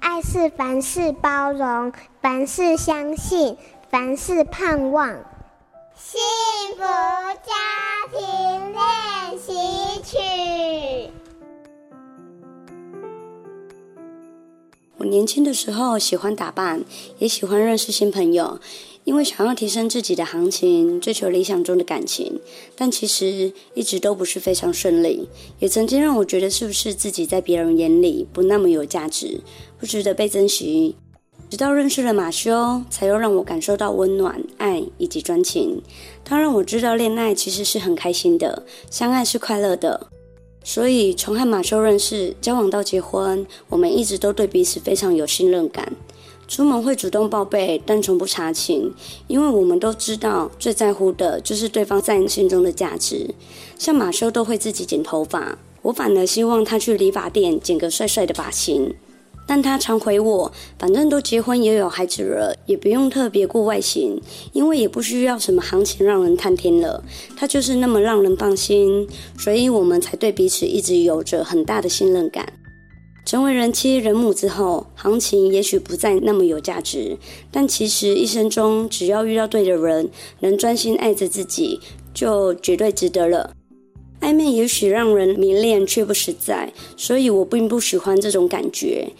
愛是凡事包容，凡事相信，凡事盼望。幸福家庭練習曲。我年輕的時候喜歡打扮，也喜歡認識新朋友。因為想要提升自己的行情，追求理想中的感情，但其實一直都不是非常順利，也曾經讓我覺得是不是自己在別人眼裡不那麼有價值，不值得被珍惜。直到認識了馬修，才又讓我感受到溫暖、愛以及專情。他讓我知道戀愛其實是很開心的，相愛是快樂的。所以從和馬修認識、交往到結婚，我們一直都對彼此非常有信任感。出門會主動報備，但從不查勤，因為我們都知道最在乎的就是對方在你心中的價值。像馬修都會自己剪頭髮，我反而希望他去理髮店剪個帥帥的髮型。但他常回我，反正都結婚也有孩子了，也不用特別顧外形，因為也不需要什麼行情讓人探聽了。他就是那麼讓人放心，所以我們才對彼此一直有着很大的信任感。成為人妻人母之後，行情也許不再那麼有價值，但其實一生中只要遇到對的人，能專心愛着自己，就絕對值得了。曖昧也許讓人迷戀，卻不實在，所以我並不喜歡這種感覺。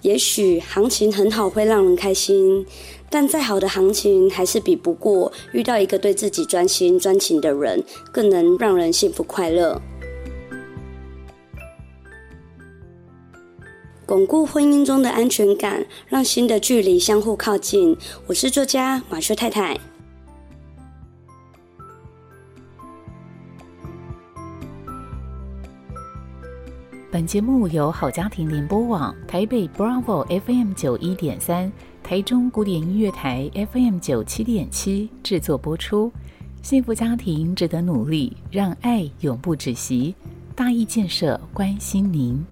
也許行情很好會讓人開心，但再好的行情還是比不過遇到一個對自己專心專情的人，更能讓人幸福快樂。鞏固婚姻中的安全感，讓心的距離相互靠近。我是作家馬修太太。本節目由好家庭聯播網台北 BRAVO FM 九一點三、台中古典音樂台 FM 九七點七製作播出。幸福家庭值得努力，讓愛永不止息。大義建設關心您。